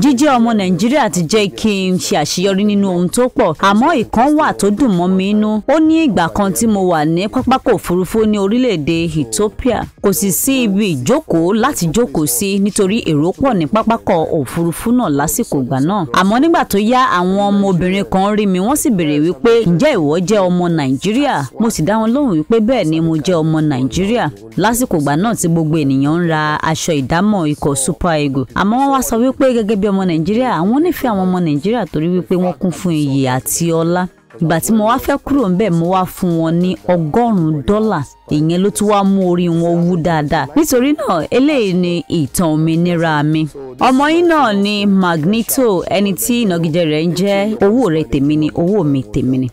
jíjẹ́ ọmọ nàìjíríà ti jẹ́ kí n ṣe àṣeyọrí nínú ohun tó pọ̀ àmọ́ ìkan wà tó dùn mọ́ mi inú ó ní ìgbà kan tí mo wà ní pápákọ̀ òfurufú ní orílẹ̀-èdè Ethiopia kò sì sí ibi ìjókòó láti jókòó sí nítorí èrò pọ̀ ní pápákọ̀ òfurufú náà lásìkò ìgbà náà àmọ́ nígbà tó yá àwọn ọmọbìnrin kan rí mi wọ́n sì béèrè wípé ǹjẹ́ ìwọ jẹ́ ọmọ nàìjíríà mo sì dá wọn lóhùn wípé bẹ́ẹ̀ ni mo jẹ́ ọmọ nàìjíríà lásìkò ìgbà náà tí gbogbo ènìyàn ń ra aṣọ ìdámọ̀ ikọ̀ Super Eagle àmọ́ wọ́n wá sọ wípé gẹ́gẹ́ bí bí ọmọ nàìjíríà àwọn nífẹ̀ẹ́ àwọn ọmọ nàìjíríà torí wípé wọ́n kún fún iyì àti ọlá ìgbà tí mo wá fẹ́ kúrò ńbẹ̀ mo wá fún wọn ní ọgọ́rùn-ún dọ́là ìyẹn ló tún wá mú orí wọn wú dáadáa nítorí náà eléyìí ni ìtàn òmìnira mi. ọmọ yín náà ni Magnito ẹni tí ìnagijẹ rẹ̀ ń jẹ́ owó rẹ̀ tèmi ni owó mi tèmi ni.